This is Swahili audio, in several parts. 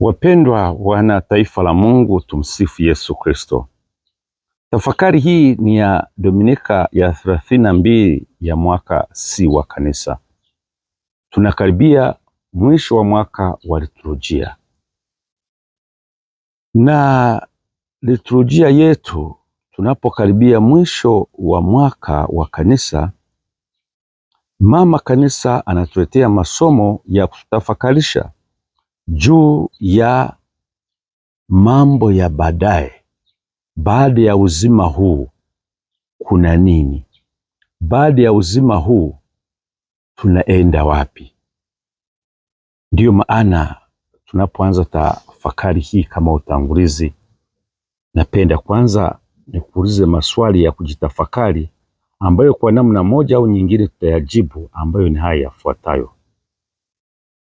Wapendwa wana taifa la Mungu, tumsifu Yesu Kristo. Tafakari hii ni ya Dominika ya thelathini na mbili ya mwaka C wa Kanisa. Tunakaribia mwisho wa mwaka wa liturujia, na liturujia yetu, tunapokaribia mwisho wa mwaka wa Kanisa, Mama Kanisa anatuletea masomo ya kututafakarisha juu ya mambo ya baadaye, baada ya uzima huu kuna nini? Baada ya uzima huu tunaenda wapi? Ndiyo maana tunapoanza tafakari hii kama utangulizi, napenda kwanza nikuulize maswali ya kujitafakari ambayo kwa namna moja au nyingine tutayajibu, ambayo ni haya yafuatayo.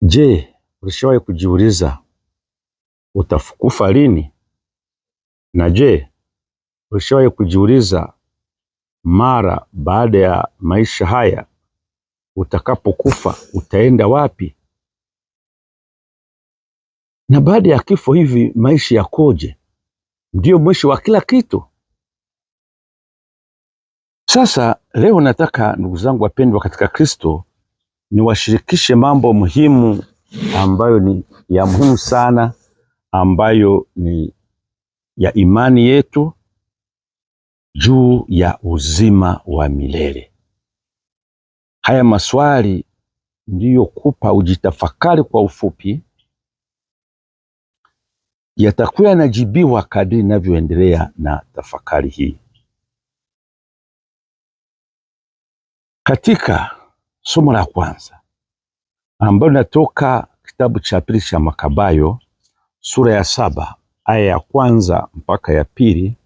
Je, Ulishawahi kujiuliza utakufa lini? Na je, ulishawahi kujiuliza mara baada ya maisha haya utakapokufa utaenda wapi? Na baada ya kifo hivi maisha yakoje? Ndiyo mwisho wa kila kitu? Sasa leo nataka ndugu zangu wapendwa katika Kristo niwashirikishe mambo muhimu ambayo ni ya muhimu sana, ambayo ni ya imani yetu juu ya uzima wa milele. Haya maswali ndiyo kupa ujitafakari kwa ufupi, yatakuwa yanajibiwa kadri inavyoendelea na tafakari hii. Katika somo la kwanza ambayo inatoka kitabu cha pili cha Makabayo sura ya saba aya ya kwanza mpaka ya pili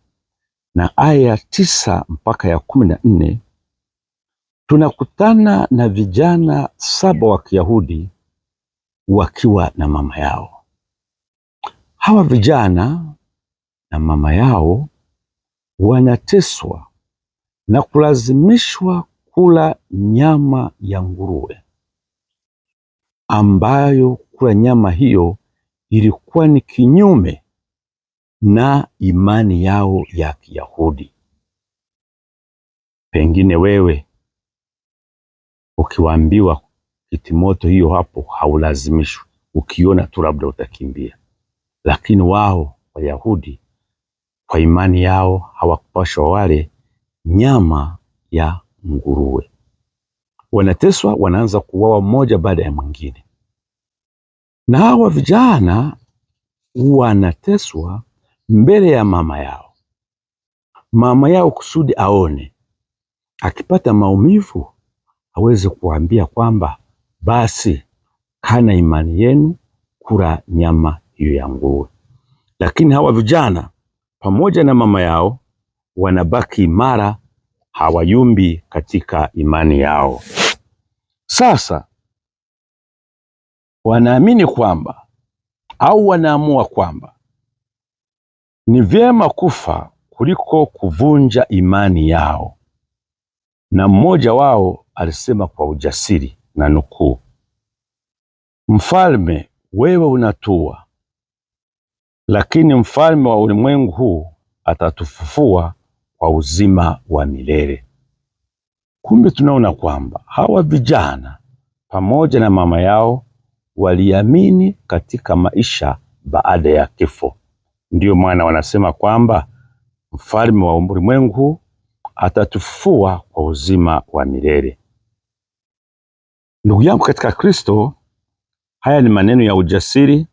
na aya ya tisa mpaka ya kumi na nne tunakutana na vijana saba wa Kiyahudi wakiwa na mama yao. Hawa vijana na mama yao wanateswa na kulazimishwa kula nyama ya nguruwe ambayo kula nyama hiyo ilikuwa ni kinyume na imani yao ya Kiyahudi. Pengine wewe ukiwaambiwa kitimoto hiyo hapo, haulazimishwi. Ukiona tu labda utakimbia, lakini wao Wayahudi kwa imani yao hawakupashwa wale nyama ya nguruwe wanateswa, wanaanza kuuawa mmoja baada ya mwingine, na hawa vijana wanateswa mbele ya mama yao, mama yao kusudi aone, akipata maumivu aweze kuambia kwamba basi hana imani yenu, kula nyama hiyo ya nguruwe. Lakini hawa vijana pamoja na mama yao wanabaki imara, hawayumbi katika imani yao. Sasa wanaamini kwamba au wanaamua kwamba ni vyema kufa kuliko kuvunja imani yao, na mmoja wao alisema kwa ujasiri na nukuu, mfalme, wewe unatua, lakini mfalme wa ulimwengu huu atatufufua kwa uzima wa milele. Kumbe tunaona kwamba hawa vijana pamoja na mama yao waliamini katika maisha baada ya kifo. Ndiyo maana wanasema kwamba mfalme wa ulimwengu atatufufua kwa uzima wa milele. Ndugu yangu katika Kristo, haya ni maneno ya ujasiri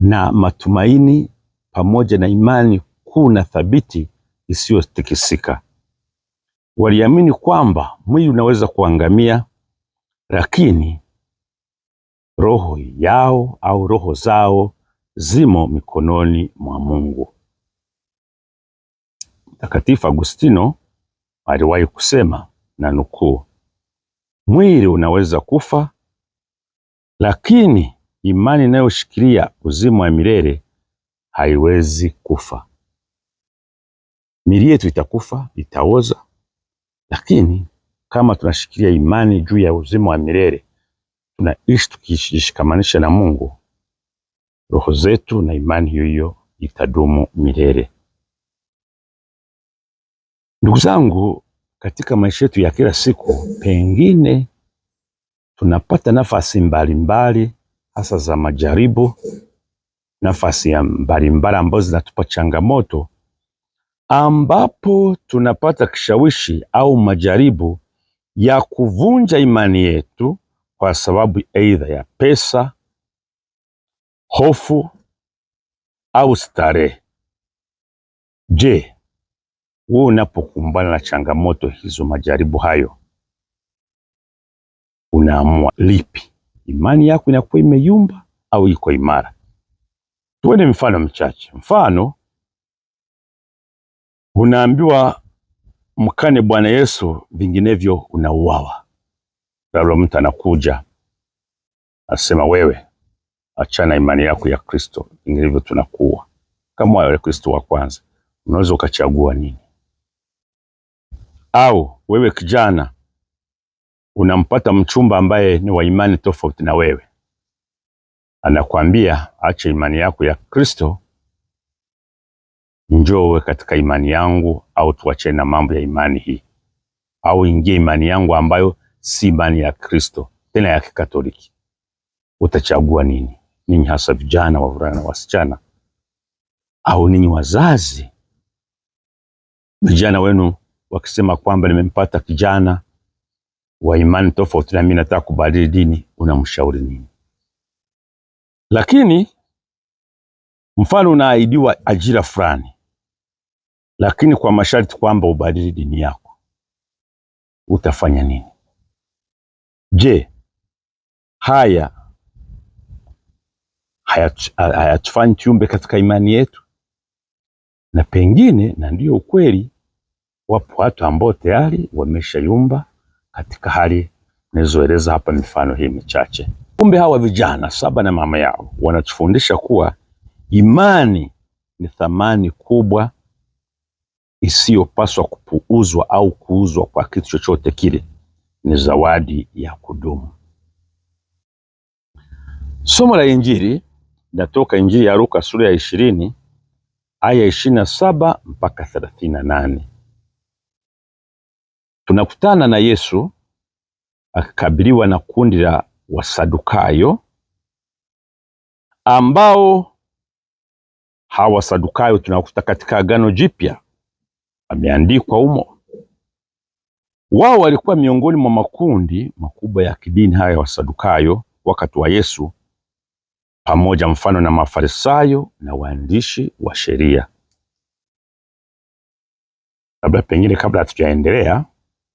na matumaini pamoja na imani kuu na thabiti isiyotikisika. Waliamini kwamba mwili unaweza kuangamia, lakini roho yao au roho zao zimo mikononi mwa Mungu. Mtakatifu Agustino aliwahi kusema na nukuu, mwili unaweza kufa, lakini imani inayoshikilia uzima wa milele haiwezi kufa. Mili yetu itakufa, itaoza lakini kama tunashikilia imani juu ya uzima wa milele, tunaishi tukijishikamanisha na Mungu, roho zetu na imani hiyo hiyo itadumu milele. Ndugu zangu, katika maisha yetu ya kila siku, pengine tunapata nafasi mbalimbali, hasa za majaribu, nafasi mbalimbali ambazo zinatupa changamoto ambapo tunapata kishawishi au majaribu ya kuvunja imani yetu kwa sababu aidha ya pesa, hofu au starehe. Je, wewe unapokumbana na changamoto hizo, majaribu hayo, unaamua lipi? Imani yako inakuwa imeyumba au iko imara? Tuone mfano mchache. Mfano, Unaambiwa mkane Bwana Yesu, vinginevyo unauawa. Labda mtu anakuja asema, wewe achana imani yako ya Kristo, vinginevyo tunakuwa kama wale Kristo wa kwanza. Unaweza ukachagua nini? Au wewe kijana unampata mchumba ambaye ni wa imani tofauti na wewe, anakwambia acha imani yako ya Kristo njoo uwe katika imani yangu, au tuachane na mambo ya imani hii, au ingie imani yangu ambayo si imani ya Kristo tena ya Kikatoliki. Utachagua nini? Ninyi hasa vijana, wavulana na wasichana, au ninyi wazazi, vijana wenu wakisema kwamba nimempata kijana wa imani tofauti na mimi, nataka kubadili dini, unamshauri nini? Lakini mfano unaahidiwa ajira fulani, lakini kwa masharti kwamba ubadili dini yako. Utafanya nini? Je, haya hayatufanyi kiumbe katika imani yetu? Na pengine, na ndiyo ukweli, wapo watu ambao tayari wameshayumba katika hali nilizoeleza hapa, mifano hii michache. Kumbe hawa vijana saba na mama yao wanatufundisha kuwa imani ni thamani kubwa isiyopaswa kupuuzwa au kuuzwa kwa kitu chochote kile, ni zawadi ya kudumu. Somo la Injili linatoka Injili ya Luka sura ya ishirini aya ishirini na saba mpaka thelathini na nane. Tunakutana na Yesu akikabiliwa na kundi la Wasadukayo ambao hawa Wasadukayo tunakuta katika Agano Jipya ameandikwa humo. Wao walikuwa miongoni mwa makundi makubwa ya kidini haya Wasadukayo wakati wa Yesu, pamoja mfano na Mafarisayo na waandishi wa sheria. Labda pengine, kabla hatujaendelea,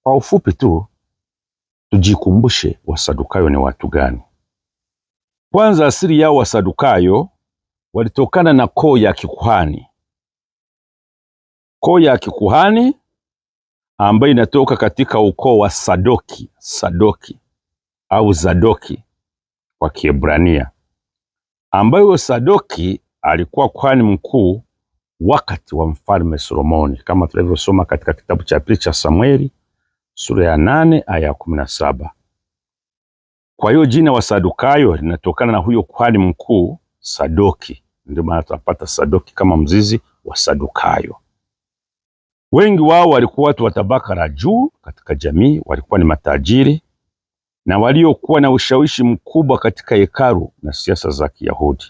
kwa ufupi tu tujikumbushe Wasadukayo ni watu gani? Kwanza, asili yao Wasadukayo walitokana na koo ya kikuhani koo ya kikuhani ambayo inatoka katika ukoo wa Sadoki, Sadoki au Zadoki kwa Kiebrania, ambayo Sadoki alikuwa kuhani mkuu wakati wa mfalme Solomoni, kama tulivyosoma katika kitabu cha pili cha Samueli sura ya nane aya ya kumi na saba. Kwa hiyo jina wa Sadukayo linatokana na huyo kuhani mkuu Sadoki, ndio maana tunapata Sadoki kama mzizi wa Sadukayo. Wengi wao walikuwa watu wa tabaka la juu katika jamii, walikuwa ni matajiri na waliokuwa na ushawishi mkubwa katika hekalu na siasa za Kiyahudi.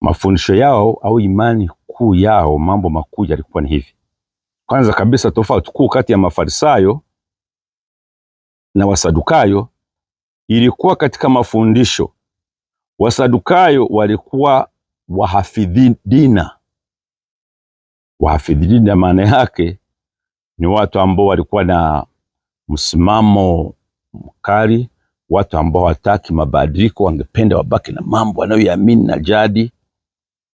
Mafundisho yao au imani kuu yao, mambo makuu yalikuwa ni hivi. Kwanza kabisa, tofauti kuu kati ya Mafarisayo na Wasadukayo ilikuwa katika mafundisho. Wasadukayo walikuwa wahafidhina Wahafidhina maana yake ni watu ambao walikuwa na msimamo mkali, watu ambao hawataki mabadiliko, wangependa wabaki na mambo wanayoyaamini na jadi,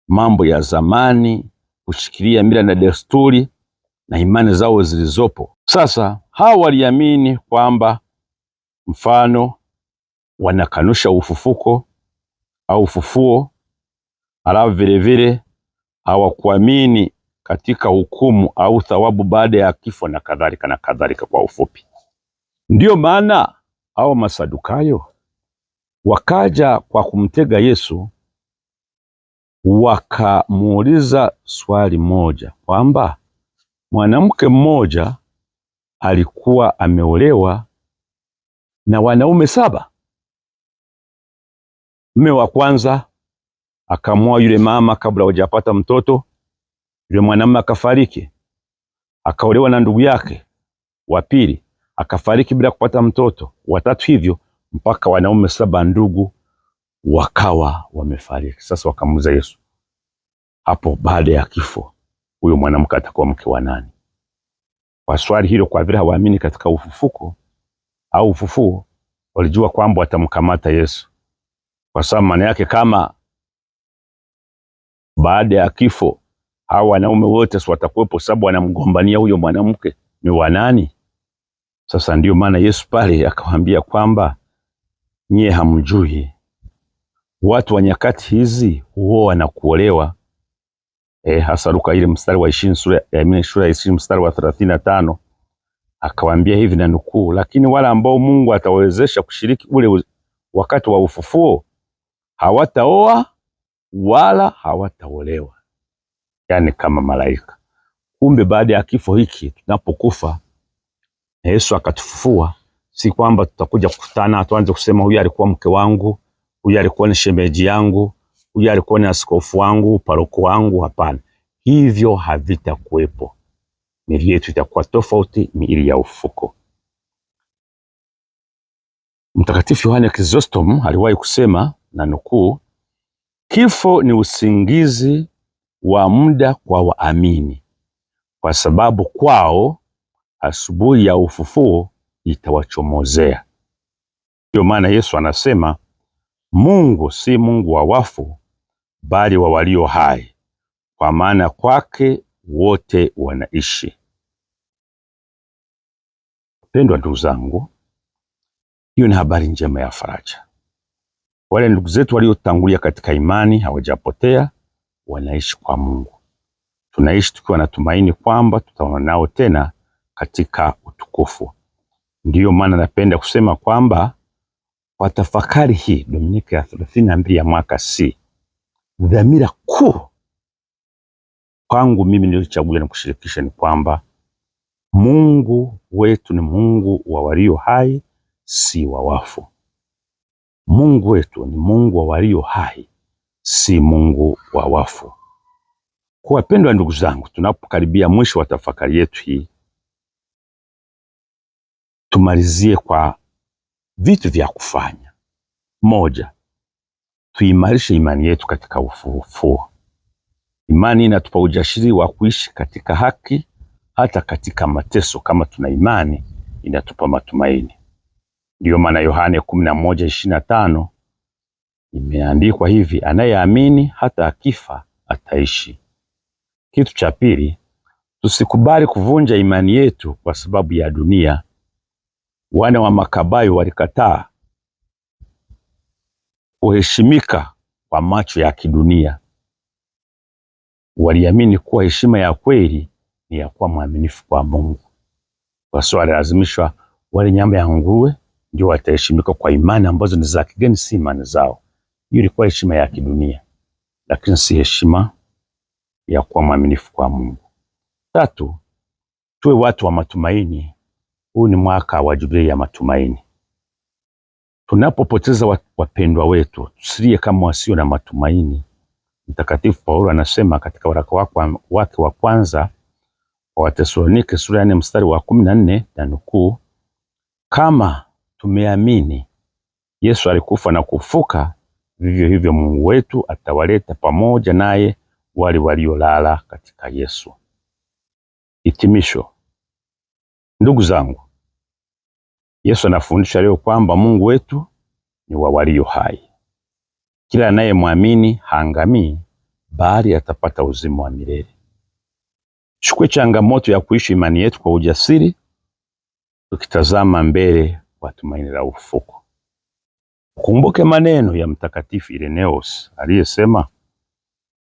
mambo ya zamani, kushikilia mila na desturi na imani zao zilizopo. Sasa hawa waliamini kwamba mfano wanakanusha ufufuko au ufufuo, alafu vilevile hawakuamini katika hukumu au thawabu baada ya kifo na kadhalika na kadhalika, kwa ufupi. Ndiyo maana hao Masadukayo wakaja kwa kumtega Yesu, wakamuuliza swali moja kwamba mwanamke mmoja alikuwa ameolewa na wanaume saba. Mme wa kwanza akamwoa yule mama kabla hajapata mtoto yule mwanamume akafariki, akaolewa na ndugu yake wa pili, akafariki bila kupata mtoto, watatu hivyo mpaka wanaume saba ndugu wakawa wamefariki. Sasa wakamuuza Yesu. Hapo baada ya kifo huyo mwanamke atakuwa mke wa nani? Kwa swali hilo, kwa vile hawaamini katika ufufuko au ufufuo, walijua kwamba watamkamata Yesu, kwa sababu maana yake kama baada ya kifo hawa wanaume wote si watakuwepo, sababu wanamgombania huyo mwanamke ni wanani? Sasa ndiyo maana Yesu pale akawaambia kwamba nyie hamjui watu wa nyakati hizi huo wanakuolewa. E, eh, hasa Luka ile mstari wa ishirini sura ya ishirini mstari wa thelathini na tano akawaambia hivi na nukuu, lakini wale ambao Mungu atawezesha kushiriki ule wakati wa ufufuo hawataoa wala hawataolewa yani kama malaika. Kumbe baada ya kifo hiki tunapokufa Yesu akatufufua, si kwamba tutakuja kukutana tuanze kusema huyu alikuwa mke wangu, huyu alikuwa ni shemeji yangu, huyu alikuwa ni askofu wangu, paroko wangu. Hapana, hivyo havitakuwepo. Miili yetu itakuwa tofauti, miili ya ufuko. Mtakatifu Yohane Chrysostom aliwahi kusema na nukuu, kifo ni usingizi wa muda kwa waamini, kwa sababu kwao asubuhi ya ufufuo itawachomozea. Ndiyo maana Yesu anasema Mungu si Mungu wa wafu, bali wa walio hai, kwa maana kwake wote wanaishi. Pendwa ndugu zangu, hiyo ni habari njema ya faraja. Wale ndugu zetu waliotangulia katika imani hawajapotea, wanaishi kwa Mungu. Tunaishi tukiwa na tumaini kwamba tutaona nao tena katika utukufu. Ndiyo maana napenda kusema kwamba kwa tafakari hii Dominika ya thelathini na mbili ya mwaka C, dhamira kuu kwangu mimi niliyochagua na kushirikisha ni kwamba Mungu wetu ni Mungu wa walio hai, si wa wafu. Mungu wetu ni Mungu wa walio hai, si Mungu wa wafu. Kwa wapendwa ndugu zangu, tunapokaribia mwisho wa tafakari yetu hii, tumalizie kwa vitu vya kufanya. Moja, tuimarishe imani yetu katika ufufuo. Imani inatupa ujasiri wa kuishi katika haki hata katika mateso. Kama tuna imani, inatupa matumaini. Ndiyo maana Yohane kumi na moja ishirini na tano Imeandikwa hivi, anayeamini hata akifa ataishi. Kitu cha pili, tusikubali kuvunja imani yetu kwa sababu ya dunia. Wana wa Makabayo walikataa kuheshimika kwa macho ya kidunia. Waliamini kuwa heshima ya kweli ni ya kuwa mwaminifu kwa Mungu. Kwa sababu walilazimishwa wale nyama ya nguruwe ndio wataheshimika kwa imani ambazo ni za kigeni, si imani zao. Hiyo ilikuwa heshima ya kidunia, lakini si heshima ya kuwa mwaminifu kwa Mungu. Tatu, tuwe watu wa matumaini. Huu ni mwaka wa jubilei ya matumaini. Tunapopoteza wapendwa wetu, tusilie kama wasio na matumaini. Mtakatifu Paulo anasema katika waraka wake wa kwanza kwa Watesalonike sura ya nne mstari wa kumi na nne na nukuu, kama tumeamini Yesu alikufa na kufuka, vivyo hivyo Mungu wetu atawaleta pamoja naye wale waliolala katika Yesu. Hitimisho, ndugu zangu, Yesu anafundisha leo kwamba Mungu wetu ni wa walio hai. Kila anayemwamini haangamii, bali atapata uzima wa milele. Chukue changamoto ya kuishi imani yetu kwa ujasiri, tukitazama mbele kwa tumaini la ufuko. Kumbuke maneno ya Mtakatifu Ireneus aliyesema,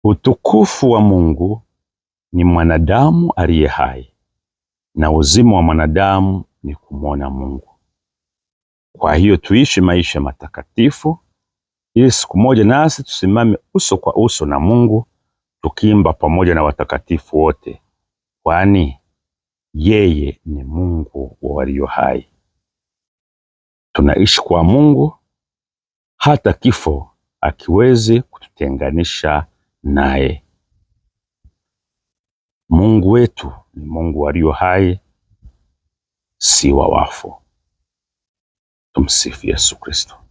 utukufu wa Mungu ni mwanadamu aliye hai na uzima wa mwanadamu ni kumwona Mungu. Kwa hiyo tuishi maisha matakatifu ili siku moja nasi tusimame uso kwa uso na Mungu tukiimba pamoja na watakatifu wote, kwani yeye ni Mungu wa walio hai. Tunaishi kwa Mungu hata kifo akiwezi kututenganisha naye. Mungu wetu ni Mungu aliye hai, si wa wafu. Tumsifu Yesu Kristo.